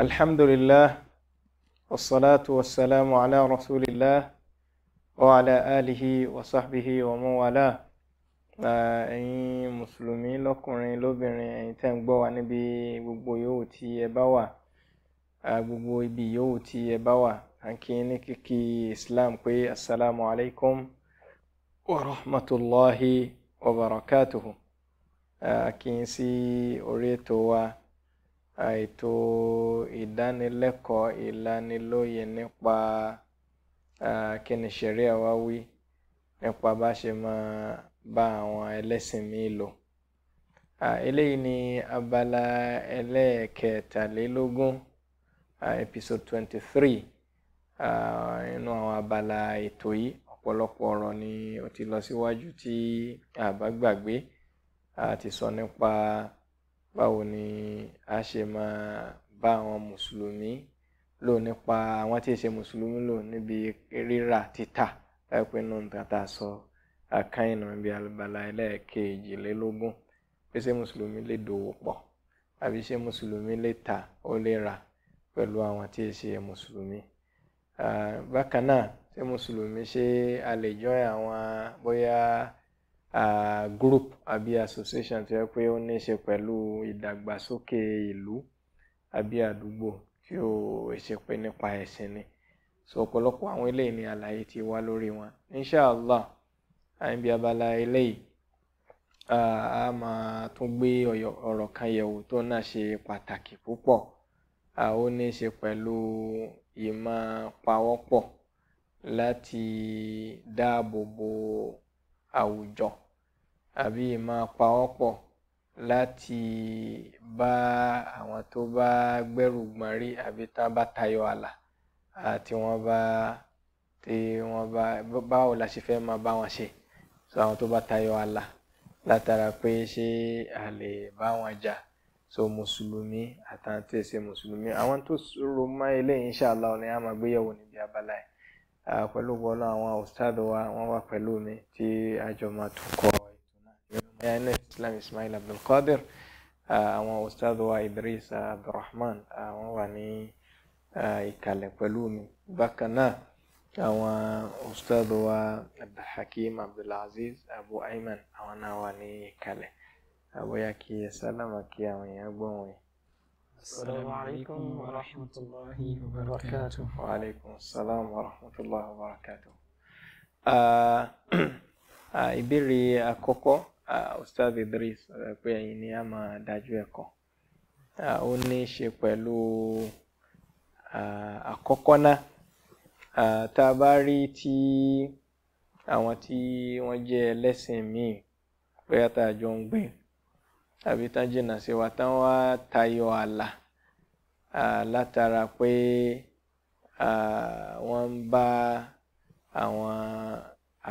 الحمد لله والصلاة والسلام على رسول الله وعلى آله وصحبه ومن والاه ẹ̀yin mùsùlùmí lọ́kùnrin lóbìnrin ẹ̀yin tẹ́ ń gbọ́ wa níbi gbogbo yòówù tí ẹ bá wà gbogbo ibi yòówù tí ẹ bá wà àǹkí ní kíkí islam pé asalaamu alaykum wa rahmatulahi wa barakatuhu àkíyèsí orí ètò wa ètò ìdánilẹ́kọ̀ọ́ ìlanilóye nípa kí ni ṣẹ̀ríà wá wí nípa bá ṣe máa bá àwọn ẹlẹ́sìn míì lò. eléyìí ni abala ẹlẹ́ẹ̀kẹtàlélógún episode twenty three nínú àwọn abala ètò yìí ọ̀pọ̀lọpọ̀ ọ̀rọ̀ ni ó ti lọ síwájú tí a gbàgbé a sọ nípa báwo ni a ṣe máa bá àwọn mùsùlùmí lò nípa àwọn tí ì ṣe mùsùlùmí lò níbi rírà títà láìpẹ́ náà nígbà tá a sọ àkáyìnà ibi àlùbàlà ẹlẹ́ẹ̀kejìlélógún pé ṣé mùsùlùmí lè dòwò pọ̀ àbí ṣé mùsùlùmí lè tà ó lè rà pẹ̀lú àwọn tí ì ṣe mùsùlùmí. bákan náà ṣé mùsùlùmí ṣé a lè join àwọn bóyá group àbí association tó yẹ pé ó ní í ṣe pẹ̀lú ìdàgbàsókè ìlú àbí àdúgbò tí ó ṣe pé nípa ẹ̀sìn ni so ọ̀pọ̀lọpọ̀ àwọn eléyìí ni àlàyé ti wá lórí wọn inshallah àyìnbí abala eléyìí a máa tún gbé ọ̀rọ̀ kan yẹ̀wò tó náà ṣe pàtàkì púpọ̀ ó ní í ṣe pẹ̀lú ìmọ̀ pawọ́pọ̀ láti dáàbò bo àwùjọ àbí ìmọ̀ pawọ́pọ̀ láti bá àwọn tó bá gbẹ́rù gbọ̀nrí àbí tá bá tayọ ààlà àti wọ́n bá tí wọ́n bá báwo la ṣe fẹ́ máa bá wọn ṣe so àwọn tó bá tayọ ààlà látara pé ṣé a lè bá wọn jà so mùsùlùmí àtàwọn tí èsè mùsùlùmí àwọn tó rò mọ́ eléyìí inshallah ni a máa gbéyẹ̀wò níbi abala yìí pẹ̀lú gbọ́dọ̀ àwọn ustad wa wọ́n wà pẹ̀lú mi tí a jọ máa tún kọ́. الاسلام اسماعيل عبد القادر آه، واستاذ ادريس عبد الرحمن آه، واني يعني، آه، يكلم فلومي بكنا او استاذ عبد الحكيم عبد العزيز ابو ايمن وانا واني يكلم ابو ياكي سلامك يا ابوي السلام عليكم ورحمة الله وبركاته وعليكم السلام ورحمة الله وبركاته ا ا ا Ah, Ustaz Idris eh, pé ẹ̀yin ni a máa dájú ẹ̀kọ́ ah, ó ní í ṣe pẹ̀lú ah, àkọ́kọ́ náà tá a bá rí tí àwọn tí wọ́n jẹ́ ẹlẹ́sìn míì bóyá tá a jọ wa tán wá tayọ ààlà látara pé wọ́n ń bá àwọn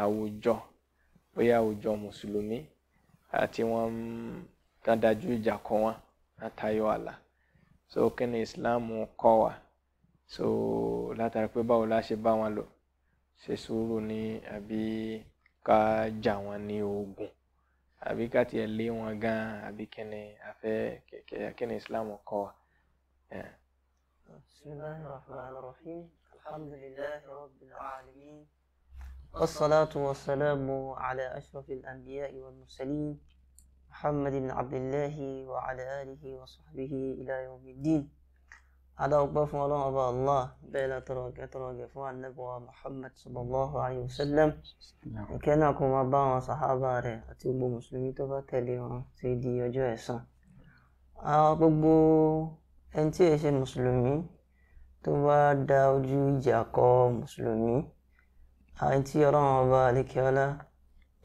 àwùjọ bóyá àwùjọ tí wọ́n kàn dájú ìjà kọ wọn látayọ àlà so kí ni Islam kọ́ wa so látara pé báwo la ṣe bá wọn lò ṣe sùúrù ni àbí ká jà wọn ní ogun àbí ká tiẹ̀ lé wọn gan àbí kí ni àfẹ́ kí Islam kọ́ wa. Yeah. بسم الله الرحمن الرحيم الحمد لله رب العالمين الصلاة والسلام على أشرف الأنبياء والمرسلين محمد بن عبد الله وعلى آله وصحبه إلى يوم الدين على أقباف ولا أبا الله بلا تراك أتراك فوان نبوى محمد صلى الله عليه وسلم كان أكو أبا وصحابة أتوب مسلمي تبا تلي سيدي وجويسا أبو أنتي مسلمي تبا داوجو جاكو مسلمي àwọn tí ọlọ́run ọba àlékèọ́lá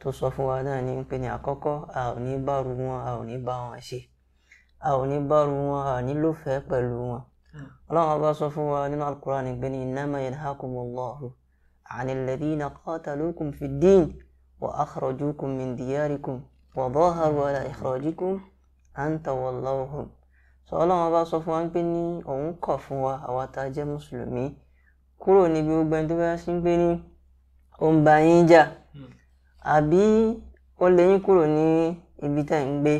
tó sọ fún wa náà ní pé ní àkọ́kọ́ a ò ní bárù wọn a ò ní bá wọn ṣe a ò ní bárù wọn a ò ní lófẹ̀ẹ́ pẹ̀lú wọn ọlọ́run ọba sọ fún wa nínú alukur'an ní pé ní innama yanhakumullahu anil ladhina qatalukum fid din wa akhrajukum min diyarikum wa dhaharu ala ikhrajikum an tawallawhum sọ ọlọ́run ọba sọ fún wa pé ní òun kọ̀ fún wa àwa tá a jẹ́ mùsùlùmí kúrò níbi gbogbo ẹni tó ní ó ń ba yín jà hmm. àbí ó lé yín kúrò ní ibi tẹ́ ń gbé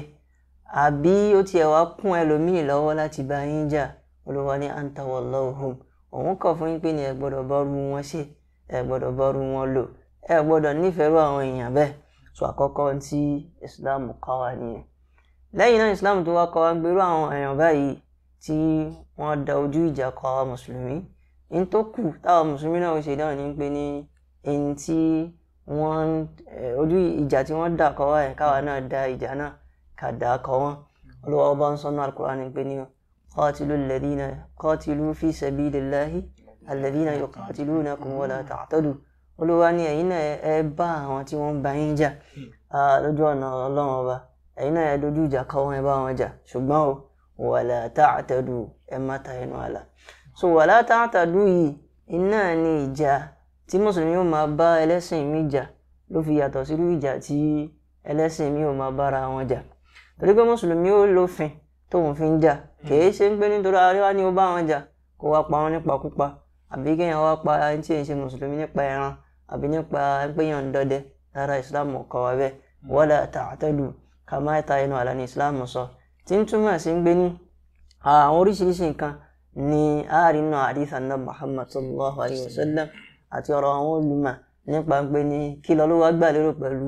àbí ó tiẹ̀ wá kún ẹlòmíì lọ́wọ́ láti bá yín jà olúwa ní anta wallahu òun kọ̀ fún yín pé ni ẹ gbọ́dọ̀ bọ́rú wọn ṣe ẹ gbọ́dọ̀ bọ́rú wọn lò ẹ gbọ́dọ̀ nífẹ̀ẹ́ àwọn èèyàn bẹ́ẹ̀ sọ àkọ́kọ́ tí islam kọ́ wa nìyẹn lẹ́yìn náà islam tó wá kọ́ wa gbèrú àwọn èèyàn báyìí tí wọ́n da ojú ìjà kọ́ wa mùsùlùmí ní tó kù táwa mùsùlùmí náà ó ṣe dáhùn ní pé ní ẹni tí wọ́n eh, ojú ìjà tí wọ́n dà kọ́ wa yẹn káwa náà da ìjà náà kà dà kọ́ wọn olùwà ọba ń sọnù alukur'an pé ní qatilu alladhina qatilu fi sabilillahi alladhina yuqatilunakum wala ta'tadu olùwà ni ẹ̀yin náà ẹ bá àwọn tí wọ́n bá yín jà lójú ọ̀nà ọlọ́run ọba ẹ̀yin náà ẹ dojú ìjà kọ́ wọn ẹ bá wọn jà ṣùgbọ́n o wala ta'tadu ẹ má ta ẹnu àlà so wala ta'tadu yìí iná ni ìjà tí mùsùlùmí ó máa bá ẹlẹ́sìn mi jà ló fi yàtọ̀ sí irú ìjà tí ẹlẹ́sìn mi ò máa bára wọn jà torí pé mùsùlùmí ó lófin tóun fi ń jà kìí ṣe ń pé nítorí aríwá ni ó bá wọn jà kó wá pa wọn nípa kúpa àbí kéèyàn wá pa ẹni tí èyí ṣe mùsùlùmí nípa ẹran àbí nípa pé ń dọdẹ lára ìsìláàmù kọ wa bẹ́ẹ̀ wala ta'tadu kama ta'inu ala ní ìsìláàmù sọ tí ń túmọ̀ sí ń gbé ní àwọn oríṣiríṣi nǹkan ni àárínú àdìsàn náà Muhammad sallallahu alayhi wa sallam àti ọ̀rọ̀ àwọn olùmọ̀ nípa pé ní kí lọ ló wá gbà lérò pẹ̀lú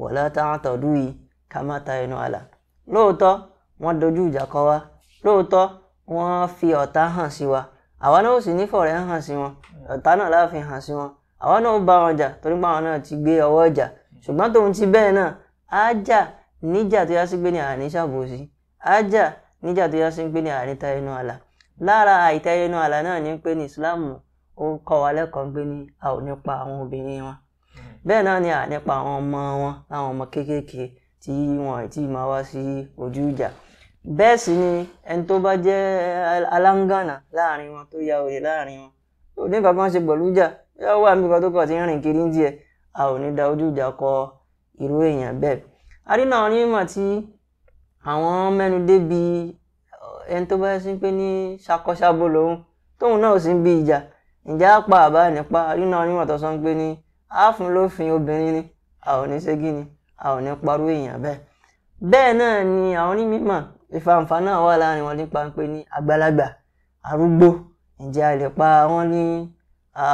wọ̀lá táwọn tọ̀dú yìí ká má ta ẹnu àlà lóòótọ́ wọ́n dojú ìjà kọ wa lóòótọ́ wọ́n fi ọ̀tá hàn sí wa àwa náà ò sì nífọ̀rẹ́ hàn sí wọn ọ̀tá náà la fi hàn sí wọn àwa náà ó bá wọn jà torí pé àwọn náà ti gbé ọwọ́ jà ṣùgbọ́n tòun ti bẹ́ẹ̀ náà á jà níjà tó yá sí pé ní àní ṣàbòsí á jà níjà tó yá sí pé ní àní ta ẹnu àlà lára àìta ẹnu àlà náà ní pé ní ìsìláàmù ó ń kọ́ wa lẹ́kọ̀ọ́ gbé ní a ò nípa àwọn obìnrin wọn hmm. bẹ́ẹ̀ náà ni a nípa àwọn ọmọ wọn àwọn ọmọ kéékèèké tí wọn ti máa wá sí ojú ìjà bẹ́ẹ̀ sì ni ẹni tó bá jẹ́ aláǹgànà láàrin wọn tó ya òye láàrin wọn ò ní kankan ṣe pẹ̀lú ìjà yóò wà níbi kan tó kọ̀ tí ń rìn kiri ń díẹ̀ a ò ní da ojú ìjà kọ irú èèyàn bẹ́ẹ̀ arínà onímọ̀ tí àwọn mẹ́nu débi ẹni tó bá ṣe ń ní ṣakọ́ṣabo lòun tóun náà sì ń bí ìjà ǹjẹ́ apá àbá nípa nínú onímọ̀ tó sọ pé ní àfún lófin obìnrin ni a ò ni a ò ní parú èèyàn bẹ́ẹ̀ bẹ́ẹ̀ náà ni àwọn onímọ̀ ìfàǹfà náà wà láàrin wọn nípa pé ní àgbàlagbà arúgbó ǹjẹ́ a lè pa wọ́n ní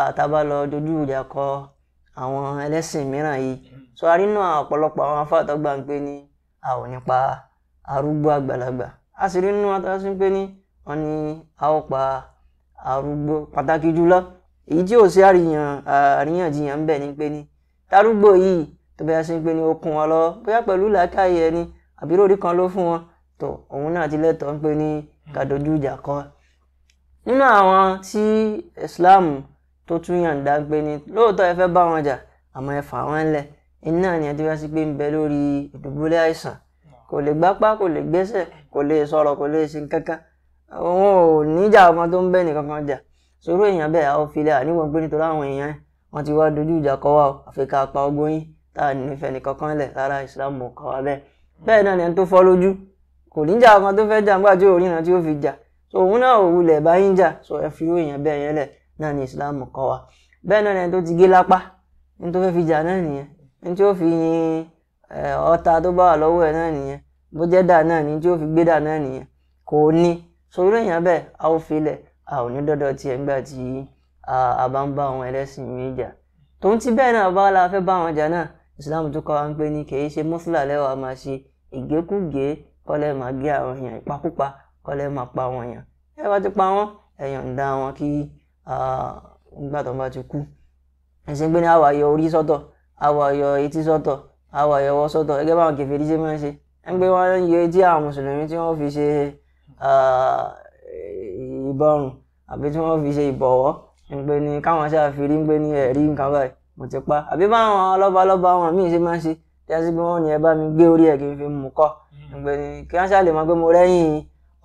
àtàbà lọ dojú ìjà kọ àwọn ẹlẹ́sìn mìíràn yìí so a rí náà ọ̀pọ̀lọpọ̀ àwọn afáàtọ́ gbà ń pé ní a ò pa arúgbó àgbàlagbà a sì rí nínú wọn tó sọ ni arúgbó pàtàkì jùlọ èyí tí ò sí àríyàn àríyànjiyàn ń bẹ ni pé ni tarúgbó yìí tó bẹ́ẹ̀ sí pé ni ó kún wọn lọ́wọ́ bóyá pẹ̀lú làákàyè ẹni àbí lórí kan ló fún wọn tó òun náà ti lẹ́tọ̀ọ́ ń pè ní kàdójú ìjà kọ́ nínú àwọn tí Islam tó tún yàǹda ń pè ní lóòótọ́ ẹ fẹ́ bá wọn jà àmọ́ ẹ fà wọ́n lẹ̀ iná ni ẹtí wá sí pé ń bẹ lórí ìdùbúlẹ̀ àìsàn kò lè gbápá kò lè gbẹ́sẹ̀ kò lè sọ̀rọ̀ kò lè ṣe kankan òun ò níjà ọkàn tó ń bẹ́ nìkan kan jà sọ̀rọ̀ èèyàn bẹ́ẹ̀ àwọn filẹ̀ àníwọ̀n pé nítorí àwọn èèyàn wọn ti wá dojú ìjà kọ wa o àfi ká pa ogun yín tá a nífẹ̀ẹ́ nìkan kan lẹ̀ rárá ìsìlámù ò kọ́ wa bẹ́ẹ̀ bẹ́ẹ̀ náà lẹ́ni tó fọ́ lójú kò níjà ọkàn tó fẹ́ jà nígbà tí òríran tí ó fi jà so òun náà ò wulẹ̀ bá yín jà so ẹ fi èèyàn bẹ́ẹ̀ yẹn lẹ̀ náà ní ìsìlámù kọ́ wa bẹ́ẹ̀ náà lẹ́ni tó ti gé lápá ní tó fẹ́ fi jà náà nìyẹn ní tí ó fi sòrò èèyàn bẹ́ẹ̀ a ó filẹ̀ a ò ní dọ́dọ̀ tiẹ̀ nígbà tí a bá ń bá àwọn ẹlẹ́sìn mi jà tòun ti bẹ́ẹ̀ náà báwa la fẹ́ bá àwọn jà náà ìsìláàmù tó kọ́ wa ń pè ní kì í ṣe mọ́sílà lẹ́wọ̀ a máa ṣe ìgékúgé kọ́lẹ́ máa gé àwọn èèyàn ìpakúpa kọ́lẹ́ máa pa àwọn èèyàn ẹ bá ti pa wọ́n ẹ̀yàn ń dá wọn kí nígbà tó bá ti kú ẹ̀sìn pé ní àwa orí sọ́tọ̀ àwa etí sọ́tọ̀ àwa ọwọ́ sọ́tọ̀ gẹ́gẹ́ báwọn kèfèrí ṣe máa ń ṣe ẹ̀ ń pé wọ́n yọ etí àwọn mùsùlùmí tí wọ́n fi ṣe ìbọrùn àbí tí wọ́n fi ṣe ìbọ̀wọ́ ń pè ní káwọn ṣáà fi rí ń pè ní ẹ̀rí nǹkan báyìí mo ti pa àbí báwọn ọlọ́balọ́ba wọn míì ṣe máa ń ṣe tí a sì pé wọ́n ní ẹ bá mi gbé orí ẹ̀ kí n fi mú kọ́ ń pè ní kí wọ́n ṣáà lè mọ pé mo rẹ́yìn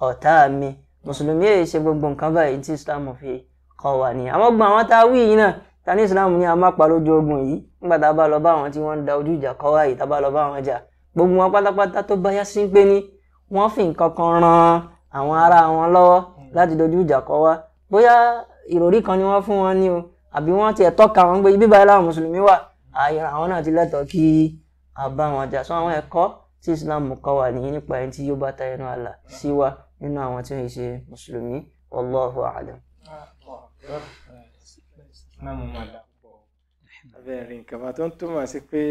ọ̀tá mi mùsùlùmí èyí ṣe gbogbo nǹkan báyìí tí Islam fi kọ́ wa nìyẹn àwọn gbọ́n àwọn tá a wí yìí náà ta ní Islam ní a má pa lójú ogun yìí nígbà tá a bá lọ bá àwọn tí wọ́n ń da ojú ìjà kọ́ wa tá a bá lọ bá àwọn jà gbogbo wọn pátápátá tó báyá sí pé ní wọ́n fi nǹkan kan ran àwọn ará wọn lọ́wọ́ hmm. láti dojú ìjà kọ wá bóyá ìròrí kan ni wọ́n fún wọn ní o àbí wọ́n tiẹ̀ tọ́ka wọn pé ibi báyìí làwọn mùsùlùmí wà ààyè àwọn náà ti lẹ́tọ̀ọ́ kí a wọn jà sọ àwọn ẹ̀kọ́ tí Islam kọ́ wa nìyí nípa ẹni tí yóò bá ta ẹnu àlà sí wa nínú àwọn tí wọ́n ṣe mùsùlùmí wallahu a'lam. abẹ́rẹ́ nǹkan bá tó ń túmọ̀ sí pé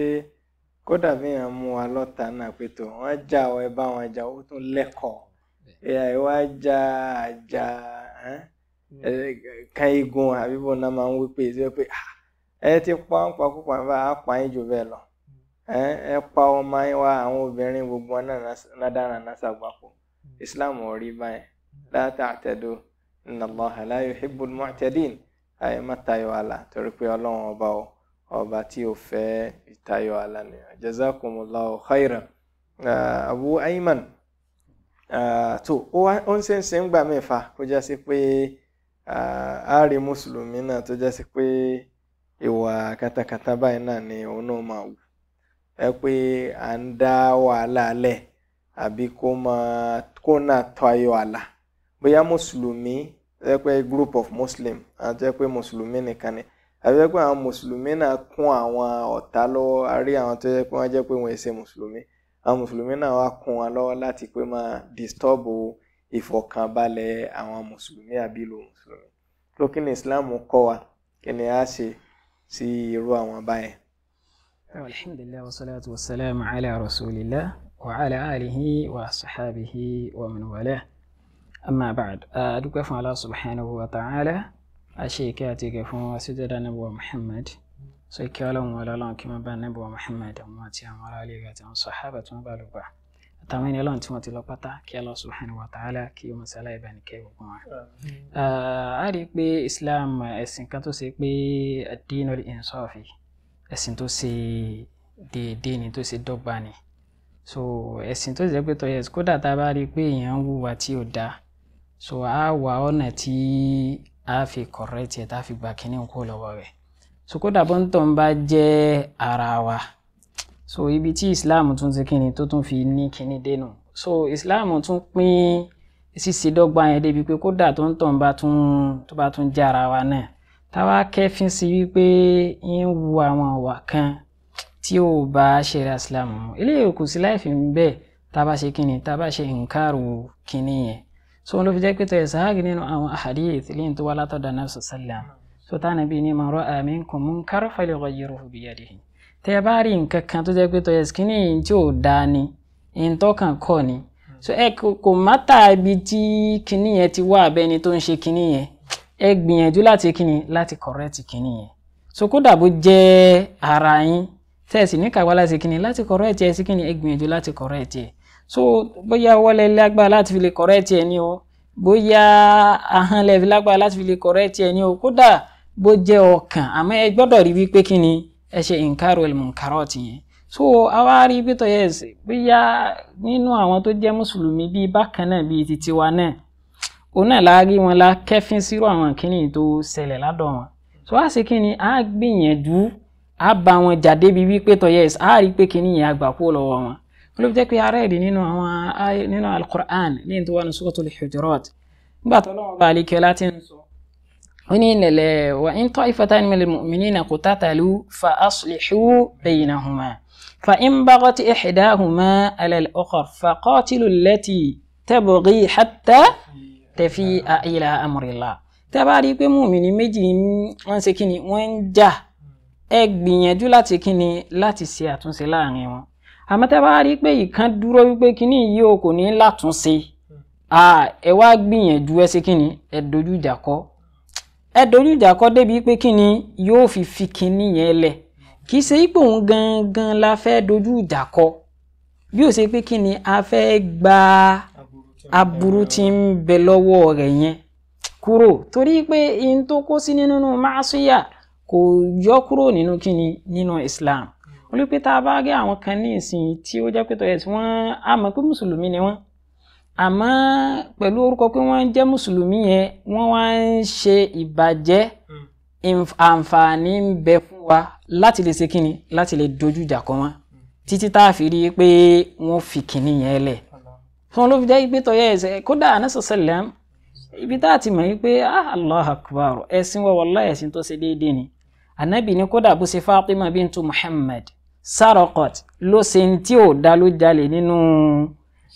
kódà bí wọ́n mú wa lọ́ta náà pé tó wọ́n já ọ ẹ bá wọn jà ó tún lẹ́kọ̀ọ́ ịwa aja aja ká igun àbí bò náà máa ń wí pé pé ah, ẹ ti pa ń pa púpọ̀ nípa àpá yín jù bẹ́ẹ̀ lọ hmm. ẹ pa ọmọ yín wá àwọn obìnrin gbogbo náà ládàrá náà hmm. Islam ò rí báyìí láti àtẹ̀dó inna Allaha la yuhibbul àyè má àlà torí pé ọlọ́run ọba o ọba tí o fẹ́ àlà nìyẹn Abu Ayman. tó ah, ó ń ṣẹ̀ṣẹ̀ ń gbà mẹ́fà kó já sí pé ààrẹ ah, mùsùlùmí náà tó já sí pé ìwà katakata báyìí náà ni òun náà máa wù ẹ pé à ń dá wàhálà lẹ̀ àbí kó náà tọ́ ayọ̀ àlà bóyá mùsùlùmí ẹ pé group of muslim àti ẹ pé mùsùlùmí nìkan ni àbí ẹ pé àwọn mùsùlùmí náà kún àwọn ọ̀tá lọ́wọ́ a àwọn tó yẹ pé wọ́n jẹ́ pé wọ́n ṣe mùsùlùmí àwọn mùsùlùmí náà wá kún wa lọ́wọ́ láti pé máa dìstọ́bù ìfọ̀kànbalẹ̀ àwọn mùsùlùmí àbí ìlú mùsùlùmí lókè ní islam kọ́ wa kí ni a ṣe sí irú àwọn báyẹn. alhamdulilayi wa salatu wa salam ala rasulillah wa ala alihi wa sahabihi wa man wala amma ba'd a fún Allah wa ta'ala a ṣe kí a ti kẹ fún wasu jẹ́dá nabuwa muhammad so ìkẹ́ ọlọ́run ọlọ́run kí wọ́n bá níbo Muhammad àwọn àti àwọn ará ilé rẹ̀ àti àwọn sàhábà tí wọ́n bá lò gbà àtàwọn ènìyàn lọ́run tí wọ́n ti lọ pátá kí Allah subhanahu wa ta'ala kí o mọ̀sálà ìbànúkẹ́ gbogbo wọn. a rí i pé Islam ẹ̀sìn kan tó ṣe pé ad-dinul insafi ẹ̀sìn tó ṣe déédéé ni tó ṣe dọ́gba ni so ẹ̀sìn tó ṣe pé tó kódà tá a bá rí i pé èèyàn ń hùwà tí ò dáa so a wà ọ̀nà tí a fi correct ẹ̀ tá a fi gbà kínní kó lọ́wọ́ rẹ̀ so kódà bó bá jẹ́ ara wa so ibi tí islam tún ti kíni tó tún fi ní kíni dénú so islam tún pín ṣíṣe dọ́gba yẹn débi pé kódà tó ń tàn bá tún tó bá tún jẹ́ ara wa náà táwa kẹ́fín sí wípé ń wu àwọn ọ̀wà kan tí ò bá ṣẹ̀ríà islam mu eléyìí kò sí láìfi bẹ́ẹ̀ tá ṣe kíni tá ṣe nǹkaru kíni yẹn so wọn ló fi jẹ́ pé tẹ̀sán nínú àwọn ahadith lẹ́yìn tó wá látọ̀dọ̀ náà sọ̀sálàmù so táwọn ẹbí ni man ra'a minkum munkaran falyughayyirhu biyadihi tẹ ẹ bá rí nǹkan kan tó jẹ́ pé tó yẹ skinny yìí tí ò dáa ni ìtọ́kàn kọ́ ni so ẹ kò mátà ibi tí kinní yẹn ti wá abẹ́ni tó ń ṣe kinní yẹn ẹ gbìyànjú láti kinní láti correct kinní yẹn so kódà bó jẹ́ ara ni tẹ̀sí níkàwá láti kinní láti correct ẹ sí kinní ẹ gbìyànjú láti correct ẹ so boya wale lágbára láti fi lè correct ẹ ní o bóyá ahọ́n lẹ́ẹ̀fi lágbára láti fi lè correct ẹ ní o kódà bó jẹ́ ọkàn àmọ́ ẹ gbọ́dọ̀ rí wípé kí ni ẹ ṣe nkaro elmunkarọ́ọ̀tì yẹn so àwa rí pẹ́tọ́ yẹn bóyá nínú àwọn tó jẹ́ mùsùlùmí bíi bákan náà bíi ti tiwa náà òun náà la rí wọn la kẹ́fín sírò àwọn kìíní tó ṣẹlẹ̀ ládọ̀ wọn so á sì kí ni á gbìyànjú á bá wọn jáde bíi wípé tọ́ yẹn á rí pé kìíní yẹn àgbà kú lọ́wọ́ wọn wọn ló fi jẹ́ pé ara ẹ̀rí nínú àwọn nínú alukur'an ní هنين لا وإن wa من المؤمنين minal mu'minina qatatalu fa aslihu baynahuma fa in baghat ihdahuma ala al-ukhar fa qatilu allati tabghi hatta tafi'a ila amrillah tẹ́ bá rí i pé mùmìnì méjì wọ́n ṣe kíni wọ́n ń jà ẹ gbìyànjú láti kíni láti ṣe àtúnṣe láàrin wọn àmọ́ tẹ́ bá ìkan dúró wípé kíní yìí o kò ní látúnṣe ẹ wá gbìyànjú ẹ ṣe kíni ẹ dojú ìjà kọ ẹ dojú ìjà kọ débi pé kí ni yóò fi fi kinní yẹn lẹ̀ kì í ṣe pé òun gangan la fẹ́ dojú ìjà kọ bí ó ṣe pé kí ni a fẹ́ gba aburú tí ń bẹ lọ́wọ́ rẹ̀ yẹn kúrò torí pé ihun tó kó sí nínú máṣíyà kò yọ kúrò nínú kí nínú Islam wọ́n lè a bá rí àwọn kan ní ìsìn tí ó jẹ́ pé tọ́yẹ̀ tí wọ́n á mọ̀ pé mùsùlùmí ni wọ́n àmọ́ pẹ̀lú orúkọ pé wọ́n ń jẹ́ mùsùlùmí yẹn wọ́n wá ń ṣe ìbàjẹ́ hmm. àǹfààní ń bẹ fún wa láti lè ṣe kínni láti lè dojú ìjà kọ wọn hmm. títí tá a fi rí i pé wọ́n fi kínni yẹn lẹ̀ fún ló fi jẹ́ pé tọ́yẹ ẹ̀sẹ̀ kódà anásọ̀sẹ̀lẹ̀m ibi tá a ti mọ̀ wípé ah, allah akbar ẹ̀sìn wa wàllá ẹ̀sìn tó ṣe déédéé ni anabi ni kódà bó ṣe Fatima bintu Muhammad sarakot ló ṣe ń tí ò dá nínú. No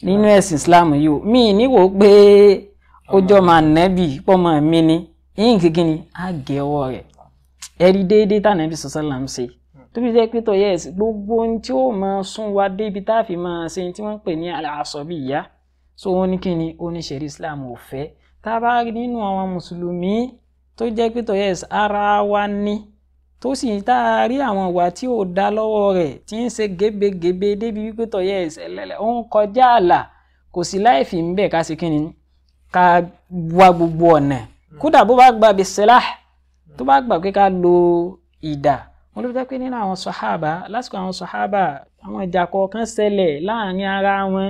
nínú ẹ̀sìn Islam yìí o mi níwò pé ó jọ máa nẹ́bì pọ́mọ mi ni yín kíkí ni á gé ọwọ́ rẹ̀ ẹ̀rí déédéé tànẹ́bì sọ́sọ́là ń ṣe hmm. tó jẹ́ pé tọ́ yẹ́sì gbogbo ohun tí ó máa sún wa débi tá a fi máa ṣe tí wọ́n ń pè ní aṣọ bí ìyá so wọ́n ní kíni ó Islam ò fẹ́ tá a bá rí nínú àwọn mùsùlùmí tó jẹ́ pé tọ́ yẹ́sì ara wa ní tó sì ń tá a rí àwọn ìwà tí ò dá lọ́wọ́ rẹ̀ tí ń ṣe gébégébé débi wípé tọ̀ yẹ ẹsẹ̀ lẹ́lẹ̀ ó ń kọjá ààlà kò sí láì fi ń bẹ̀ ká ṣe kínni ká wá gbogbo ọ̀nà hmm. kódà bó bá gba bisẹ́lá hmm. tó bá gbà pé ká lo ìdà wọn ló jẹ́ pé nínú àwọn sọ̀hábà lásìkò àwọn sọ̀hábà àwọn ìjà kọ̀ọ̀kan ṣẹlẹ̀ láàrin ara wọn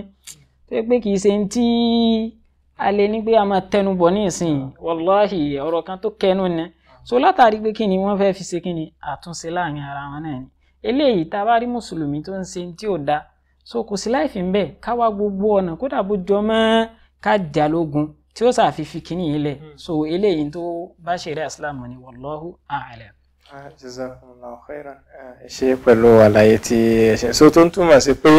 tó pé kì í ṣe ń tí a lè ní pé a máa tẹnubọ̀ ní ìsìn hmm. wàláhì ọ̀rọ̀ kan tó kẹnu ni so látàrí pé kí ni wọ́n fẹ́ fi ṣe kí ni àtúnṣe láàrin ara wọn náà ni eléyìí tá a bá rí mùsùlùmí tó ń ṣe tí ò dáa so kò sí láì fi ń bẹ́ẹ̀ ká wá gbogbo ọ̀nà kódà bó jọ mọ́ ká jà lógun tí ó sàfi fi kíní yìí lẹ̀ hmm. so eléyìí tó bá ṣẹ̀rí àsìlámù ni wallahu a'lam. Ah, ah, ṣe pẹ̀lú àlàyé tí ẹ so tó ń túmọ̀ sí pé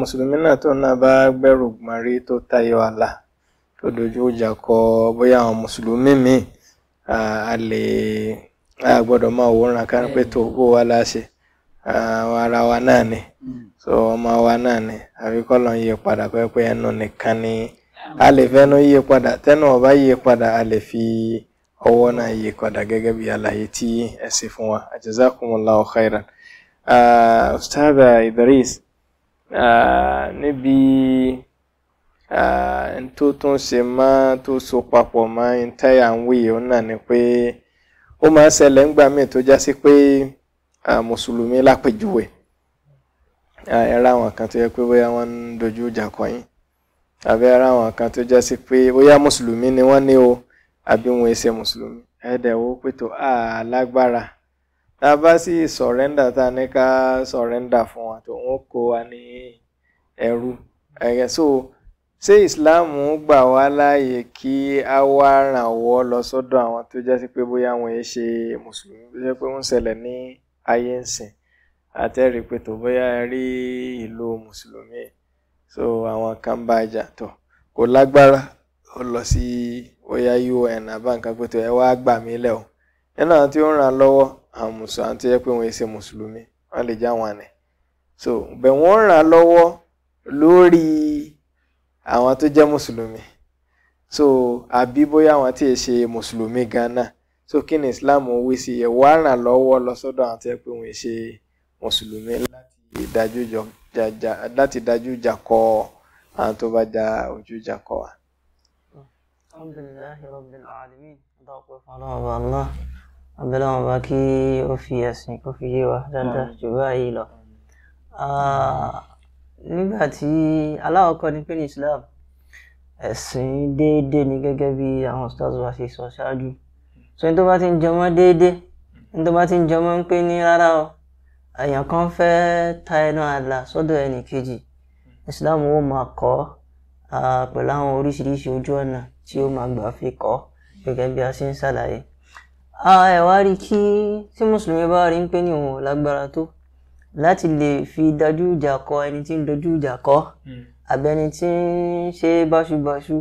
mùsùlùmí náà tó náà bá gbẹ̀rù gbọ̀nrí tó tayọ àlà tó dojú ìjà kọ bóyá àwọn mùsùlùmí míì a lè a gbọ́dọ̀ máa wòran ká pé tó bó wa la ṣe ara wa náà ni so ọmọ wa náà ni àfi kọ́lọ̀ ń yí padà pé pé ẹnu nìkan ni a lè fẹ́nu yí padà tẹ́nu ọba yí padà a lè fi ọwọ́ náà yí padà gẹ́gẹ́ bí àlàyé tí ẹ ṣe fún wa jazakumullahu khairan ustaada Idris níbi. Ah, tó tún ṣe mọ́ tó so papọ̀ mọ́ táyà ń wí òun náà ni pé ó máa ń ṣẹlẹ̀ ńgbà míì tó já sí pé mùsùlùmí lápèjúwe ẹ ra àwọn kan tó yẹ pé bóyá wọ́n ń dojú ìjà kọ yín àbí ẹ ra àwọn kan tó já sí pé bóyá mùsùlùmí ni wọ́n ní o àbí wọn ṣe mùsùlùmí ẹ̀ẹ́dẹ̀ wo pé tá a bá sì sọ̀rẹ́ndà tá a ní ká sọ̀rẹ́ndà fún wa tó ń kó wa ní ẹrú ẹ̀yẹ so ṣé Islam gbà wá láàyè kí a wá rànwọ́ lọ sọ́dọ̀ àwọn tó jẹ́ sí pé bóyá àwọn yẹn ṣe mùsùlùmí tó jẹ́ pé wọ́n ṣẹlẹ̀ ní ayé ń sìn pé tó bóyá rí ìlú mùsùlùmí so àwọn kan bá jà tọ̀ kò lágbára ó lọ sí bóyá UN àbáǹkà pé tó ẹ wá gbà mí lẹ̀ o nínú àwọn tí ó ń ràn lọ́wọ́ àwọn mùsùlùmí tó jẹ́ pé wọ́n ṣe mùsùlùmí wọ́n lè já wọn nì so bẹ̀ wọ́n ràn àwọn tó jẹ́ mùsùlùmí so àbí bóyá àwọn tí ì ṣe mùsùlùmí ganan so kí ni Islam wí sí ẹ wá ràn lọ́wọ́ lọ sọ́dọ̀ àwọn tó yẹ pé wọ́n ṣe mùsùlùmí láti dájú jà kọ àwọn tó bá ja ojú jà kọ wa. alhamdulilayi rabbil alamin dọ́pẹ́ fún ọlọ́run Allah abẹ́lẹ́ wọn bá kí ó fi ẹ̀sìn kó fi yé wa dáadáa jù báyìí lọ. Ah, nígbà tí aláwọ̀kọ́ ni pé ní Islam ẹ̀sìn déédéé ni gẹ́gẹ́ bí àwọn stars wa ṣe sọ ṣáájú so ní tó bá ti ń jọmọ́ déédéé ní tó bá ti ń jọmọ́ ń pè ní rárá o èèyàn kan fẹ́ ta ẹnu àlà sọ́dọ̀ ẹnì kejì Islam ó máa kọ́ pẹ̀lú àwọn oríṣiríṣi ojú ọ̀nà tí ó máa gbà fi kọ́ gẹ́gẹ́ bí a ṣe ń ṣàlàyé ẹ wá rí kí tí mùsùlùmí bá rí ń pè ní òun ò lágbára tó láti lè fi dájú ìjà kọ ẹni tí ń dojú ìjà kọ hmm. àbí ẹni tí ń ṣe báṣubàṣu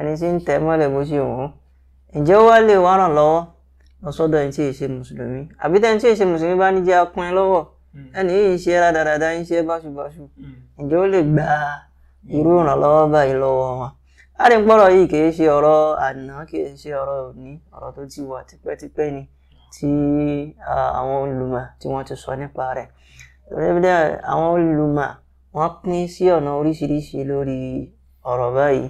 ẹni tí ń tẹ̀ mọ́lẹ̀ bó ṣe wọ́n ǹjẹ́ ó wá lè wá ràn lọ́wọ́ lọ sọ́dọ̀ ẹni tí ì ṣe mùsùlùmí àbí tẹ́ni tí ì ṣe mùsùlùmí bá ní jẹ́ apin lọ́wọ́ hmm. ẹni yìí ń ṣe rádaràda ń ṣe báṣubàṣu hmm. ǹjẹ́ ó lè gba irú ìrànlọ́wọ́ báyìí lọ́wọ́ wọn àdìpọ̀rọ̀ yìí kì í ṣe ọ̀rọ̀ àná kì í ṣe ọ̀rọ̀ òní ọ̀rọ̀ tó ti wà tipẹ́tipẹ́ ni tí àwọn olùmọ̀ tí wọ́n ti sọ nípa rẹ̀ rẹ́bílẹ̀ àwọn olùmọ̀ wọ́n pín sí ọ̀nà oríṣiríṣi lórí ọ̀rọ̀ báyìí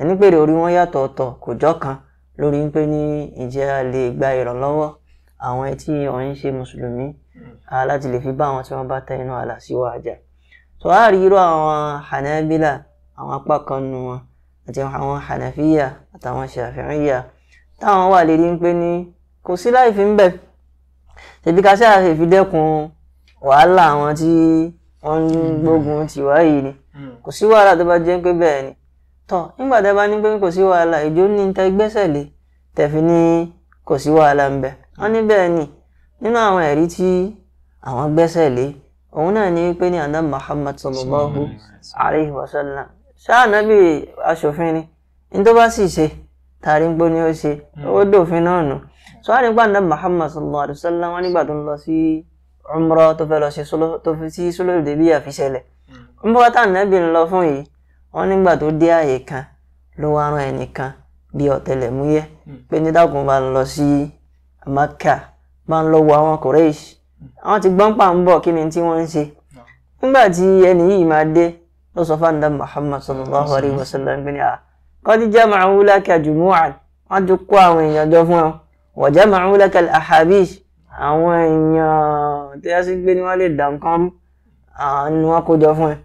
ẹni pèrè orí wọn yàtọ̀ ọ̀tọ̀ kò jọ́kan lórí pé ní ìjẹ́ a lè gba ìrànlọ́wọ́ àwọn tí wọ́n ń ṣe mùsùlùmí láti lè fi bá àwọn tí wọ́n bá tẹnu àlà sí wa jà tó a rí irú àwọn hanabila àwọn apá kan nu wọn àti àwọn hanafiya àtàwọn shafi'iya táwọn wà lè rí pé ní kò sí láì fi ń bẹ̀ ṣèbí ká ṣáà wàhálà àwọn tí wọ́n ń mm-hmm. gbógun tiwa yìí ni mm. kò sí wàhálà tó bá jẹ́ pé bẹ́ẹ̀ ni tọ́ nígbà tẹ́ bá ní pé kò sí wàhálà ìjó ní tẹ gbẹ́sẹ̀ lé tẹ̀fi ní kò sí wàhálà ń bẹ wọ́n ní bẹ́ẹ̀ ni nínú àwọn ẹ̀rí tí àwọn gbẹ́sẹ̀ lé òun náà ní pé ní àná Muhammad sallallahu alayhi wa sallam ṣáà nábì aṣòfin ni ní tó bá sì ṣe tàrí gbó ni ó ṣe mm. ó dòfin náà nù sọ́wọ́n nígbà náà Muhammad sallallahu alayhi wa sallam wọ́n nígbà tó ń lọ sí umrah tó fẹ́ lọ ṣe sólò tó fi sí sólò débí àfiṣẹlẹ̀ hmm. umrah tá ànábì ń lọ fún yìí wọ́n nígbà tó dé àyè kan ló wá rán ẹnìkan bíi ọ̀tẹlẹ̀múyẹ́ hmm. pé ní dákun bá ń lọ sí Maka bá ń lọ wo àwọn Quraysh hmm. àwọn ti gbọ́n pa ń bọ̀ kí ni tí wọ́n ń ṣe nígbà tí ẹni yìí máa dé ló sọ fún àdá Muhammad sallallahu alayhi wa sallam gbé ní à ah, qad jama'u laka jumu'an wọ́n ti kó àwọn èèyàn jọ fún ọ wa jama'u laka al-ahabish àwọn èèyàn tó yá sí gbé ni wọ́n lè dà nǹkan mú ni wọ́n kó jọ fún ẹ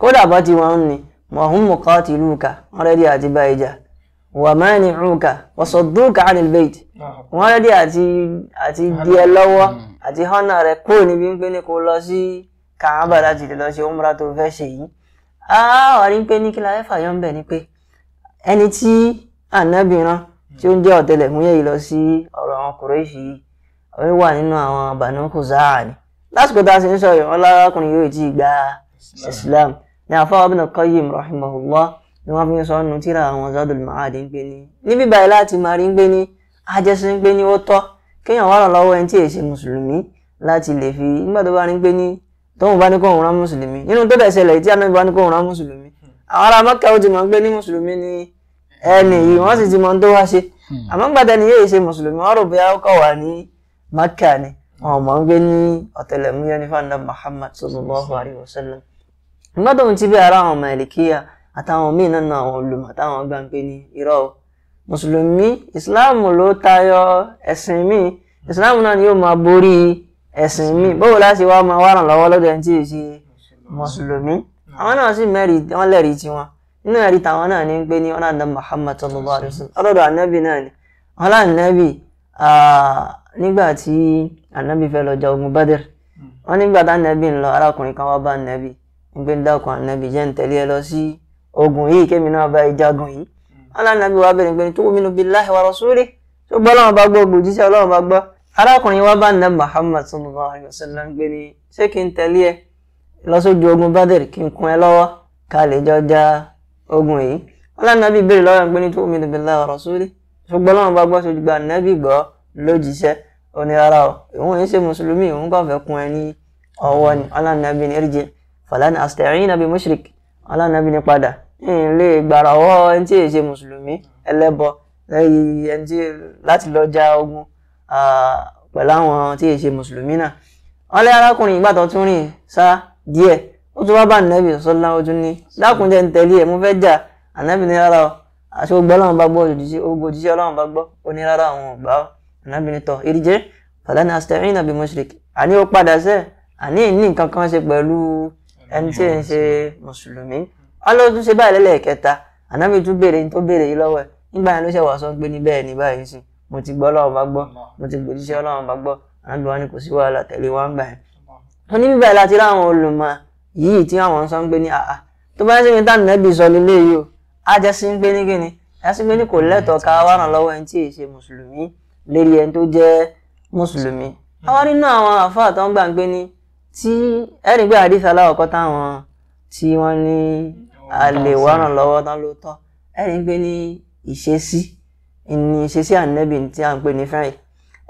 kódà bọ́ ti wọ́n ni mọ̀hún muqatiluka wọ́n rẹ́dí àti bá ìjà wà mani'uka wa sadduka 'anil bayt wọ́n rẹ́dí àti di ẹ lọ́wọ́ àti hánà rẹ kúrò níbi ń pé ní kó lọ sí kàábà láti lọ ṣe umra tó fẹ́ ṣe yìí àwọn rí pé ní kí láyé fàyọ ń bẹ̀ ni pé ẹni tí ànábìrán tí ó ń jẹ́ ọ̀tẹlẹ̀múyẹ́ yìí lọ sí ọ̀rọ̀ àwọn yìí ó wà nínú àwọn àbànú kùzáà ni lásìkò tá a sì ń sọ̀rọ̀ ọlọ́kùnrin yóò ti gba islam ní àfọwọ́ Ibn Qayyim rahimahullah ni wọ́n fi ń sọ ọ́nù tíra àwọn Zadul Ma'ad ń gbé ní níbí báyìí láti máa rí ń gbé ní ajẹ́sí ń gbé ní ó tọ́ kéèyàn wà lọ́wọ́ ẹni tí èsì mùsùlùmí láti lè fi nígbà tó bá rí ń gbé ní tóun bá ní kó òun rán mùsùlùmí nínú tó dẹ̀sẹ̀lẹ̀ tí ni ẹnì yìí wọ́n sì ti mọ̀ tó wá ṣe hmm. àmọ́ gbàdá ni maka ni wọn mọ̀ ń gbé ní ọ̀tẹlẹ̀múyẹ́ ní fanda muhammad sallallahu alayhi wa sallam ìgbàdàn ti bí ara àwọn màlìkíyà àtàwọn míì nínú àwọn olùmọ̀ táwọn gbà ń pè ní irọ́ o mùsùlùmí ìsìláàmù ló tayọ ẹ̀sìn míì ìsìláàmù náà ni yóò máa borí ẹ̀sìn míì báwo láti wá máa wárán lọ́wọ́ lọ́dọ̀ ẹni tí ì ṣe mùsùlùmí àwọn náà sì mẹ́rìí wọ́n lẹ́rìí tiwọn nínú ẹ̀rí táwọn náà ní ń pè ní ọ̀nà àdá muhammad sallallahu alayhi wa sallam ọlọ́dọ̀ ànábì náà ni ọlọ́dọ̀ ànábì ah, nígbà tí ànábì fẹ́ lọ jà ogun Badr wọ́n nígbà tá ànábì ń lọ arákùnrin kan wá bá ànábì nígbà dákun ànábì jẹ́ ń tẹ̀lé ẹ lọ sí ogun yìí kémi náà bá ìjagun yìí wọ́n lánàbì wá bẹ̀rẹ̀ pé tu'minu billahi wa rasulih tó gbọ́ ọlọ́run bá gbọ́ ògbòjíṣẹ́ ọlọ́run bá gbọ́ arákùnrin wá bá ànábì Muhammad sallallahu alayhi wa sallam gbé ni ṣé kí n tẹ̀lé ẹ lọ sójú ogun Badr kí n kún ẹ lọ́wọ́ ká lè jọ jà ogun yìí wọ́n lánàbì bẹ̀rẹ̀ lọ́rọ̀ pé lójíṣẹ́ ó ní rárá o òun yìí ṣe mùsùlùmí òun kàn fẹ́ kun ẹ ní ọwọ́ ni ọlànàbí ni erjì fàlànà àstẹ̀yìn àbí mushrik ọlànàbí ni padà ń lè gbàrà ọwọ́ ẹni tí yìí ṣe mùsùlùmí ẹlẹ́bọ láti lọ ja ogun pẹ̀lú àwọn tí yìí ṣe mùsùlùmí náà wọn lé arákùnrin ìgbà tó tún rìn sá díẹ̀ ó tún wá bá ànábì sọlá ojú ní dákúnjẹ ń tẹ̀lé ẹ̀ mo fẹ́ jà ànábì ní rárá o àti ogbó ọlọ́run bá gbọ́ òjòjì ogbó òjòjì ọlọ́run bá gbọ́ ó ní ò gbà ó anábìnrin tọ ìdíje fàlànà astẹ́rìn àbí mushrik àní ó padà sẹ́ àní ní nǹkan kan ṣe pẹ̀lú ẹni tí ń ṣe mùsùlùmí ọlọ́dún ṣe báyìí lẹ́lẹ́kẹta ànábì tún béèrè tó béèrè yìí lọ́wọ́ ẹ̀ nígbà yẹn ló ṣe wàá sọ pé ní bẹ́ẹ̀ ni báyìí sí mo ti gbọ́ ọlọ́run bá gbọ́ mo ti gbòjíṣẹ́ ọlọ́run bá gbọ́ ànábì wa ni kò sí wàhálà tẹ̀lé wa ń gbà yẹn. ó ní bíbẹ̀ láti ráwọn olùmọ̀ yìí tí àwọn sọ ń gbé ní àá tó bá ń sẹ́yìn tá nàbì sọ lílé yìí o á jẹ́ sí ń gbé ní kíni á sì gbé ní kò lẹ́tọ̀ọ́ ká wá ràn lọ́wọ́ ẹni tí ì ṣe mùsùlùmí lérí ẹni tó jẹ́ mùsùlùmí. Hmm. àwọn nínú àwọn àfáà tó ń gbà ń gbé ni tí ẹni gbé àdìsí aláwọ̀kọ́ táwọn tí wọ́n ní alè wárán lọ́wọ́ tán ló tọ́ ẹni gbé ní ìṣesí ní ìṣesí ànẹ́bì tí à ń pè ní fẹ́yìn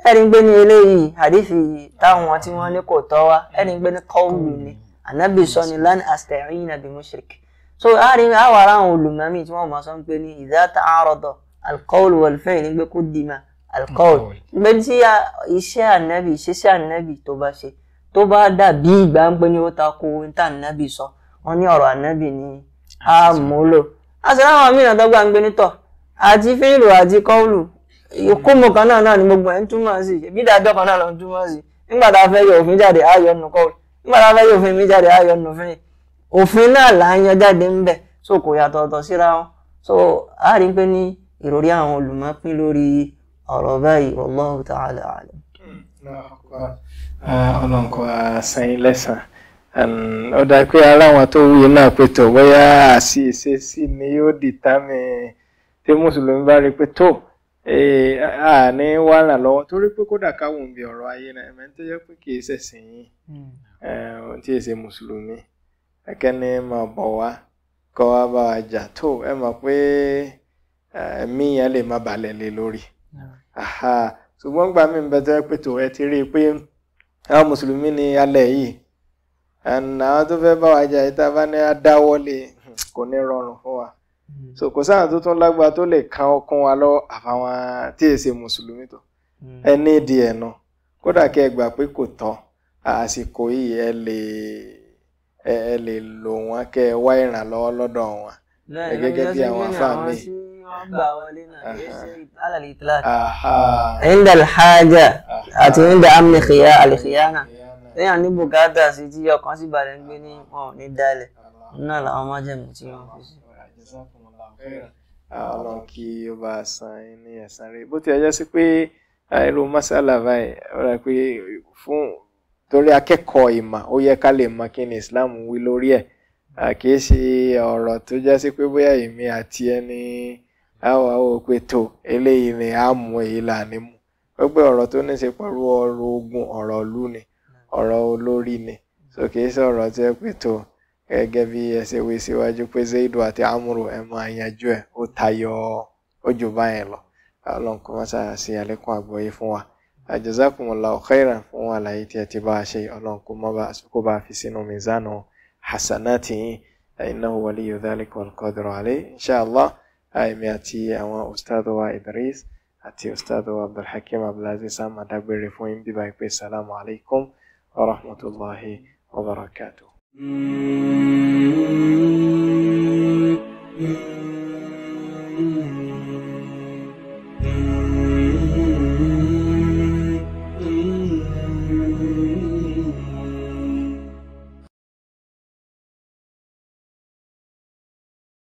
ẹni gbé ní eléyìí àdìsí táwọn tí wọ́n ní kò tọ́ wá ẹni gbé ní kọ́ọ̀lù ni hmm. ànẹ́bì sọ ni hmm. lan asta'ina bi mushrik so àárín àwọn aráàlú olùmọ̀mí tí wọ́n mọ̀ sọ ń ní idha ta'arada al-qawl wal-fi'l ní gbé kó dì máa alqaul bẹ́ẹ̀ tí iṣẹ́ ànábì ìṣesẹ́ ànábì tó bá ṣe tó bá dàbí ìgbà ń pè ní ó ta ko ohun tá ànábì sọ wọn ní ọ̀rọ̀ ànábì ni a mú lò àsìláwọn mìíràn tó gbà ń gbé nítọ̀ àti fílù àti kọ́ọ̀lù ìkómọ kan náà náà ni gbogbo ẹ̀ ń túmọ̀ sí ìbí ìdájọ́ kan náà ló ń túmọ̀ sí nígbà tá a fẹ́ yọ òfin jáde a yọ nù kọ́ọ̀lù nígbà tá a fẹ́ yọ òfin mi jáde a yọ nù fún yìí òfin náà là ń yan jáde ń bẹ̀ so kò yàtọ̀ ọ̀tọ̀ síra wọn so a rí pé ní ìròrí àwọn olùmọ̀ lórí ọ̀rọ̀ báyìí wallahu ta'ala alam. Ah, ọlọ́run kò sẹ́yìn lẹ́sàn-án ó dá pé ara àwọn tó wúye náà pé tó bóyá àṣìṣe sí ni yóò dìtámì tí mùsùlùmí bá rí pé tó àní wà ràn lọ́wọ́ torí pé kódà káwọn òbí ọ̀rọ̀ ayé náà ẹ̀mẹ́ tó yẹ pé kì í ṣẹ̀sìn yín hmm. eh, ohun tí èsè mùsùlùmí ẹ̀kẹ́ni máa bọ̀ wá kọ́ wá bá wa jà tó ẹ mọ̀ pé eh, ẹ̀mí yẹn lè má balẹ̀ lé lórí ṣùgbọ́n gbà mí bẹ tẹ́ pé tòun ẹ ti rí i pé àwọn mùsùlùmí ni alẹ́ yìí àwọn tó fẹ́ bá wa jà yìí bá ní adáwọ́lé e, kò ní rọrùn fún wa hmm. so kò sáà tó tún lágbára tó lè kan ọkàn wa lọ àfàwọn tí èsè mùsùlùmí tó hmm. ẹ ní ìdí ẹ̀ náà kódà kí ẹ gbà pé kò tán àsìkò yìí ẹ lè ẹ lè lò wọn kẹ ẹ wá ìrànlọ́wọ́ lọ́dọ̀ wọn gẹ́gẹ́ bí àwọn afáàmì gbà wọlé náà kì í ṣe alàlè ìtìlá. ẹ̀ńdà alhaja àti ẹ̀ńdà amìkìyà alìkìyàna lẹ́yìn ní bùkátà sí tí ọkàn sì balẹ̀ ń gbé ní wọn ní dalẹ̀ náà làwọn májèmú tí wọ́n fi sí. ọlọ́run kí ó bá san ní ẹ̀san e rẹ̀ bó ti ẹ̀ e jẹ́ sí pé irú masala báyìí ọ̀rọ̀ pé fún torí akẹ́kọ̀ọ́ ìmọ̀ ó yẹ ká lè mọ kí ni Islam wí lórí ẹ̀ kì ọ̀rọ̀ tó jẹ́ sí pé bóyá èmi àti ẹni. àwọn òpè tó eléyìí ni a mú èyí là ní gbogbo ọ̀rọ̀ tó ní ṣe ogun ọrọ ìlú ni ọrọ olórí ni so kì í ṣe ọ̀rọ̀ tó pè tó gẹ́gẹ́ bí ẹ wí síwájú pé Zaidu àti Amuru ẹ máa yanjú ẹ ó tayọ ojú báyẹn lọ Ọlọ́run kò má ṣáà ṣe àlékún àgbọ́yé fún wa fún tí ẹ ti bá a ṣe a fi hasanati yìí أي مياتي أما أستاذ إدريس أتي أستاذ عبد الحكيم عبد العزيز أما دبري فوين بباك السلام عليكم ورحمة الله وبركاته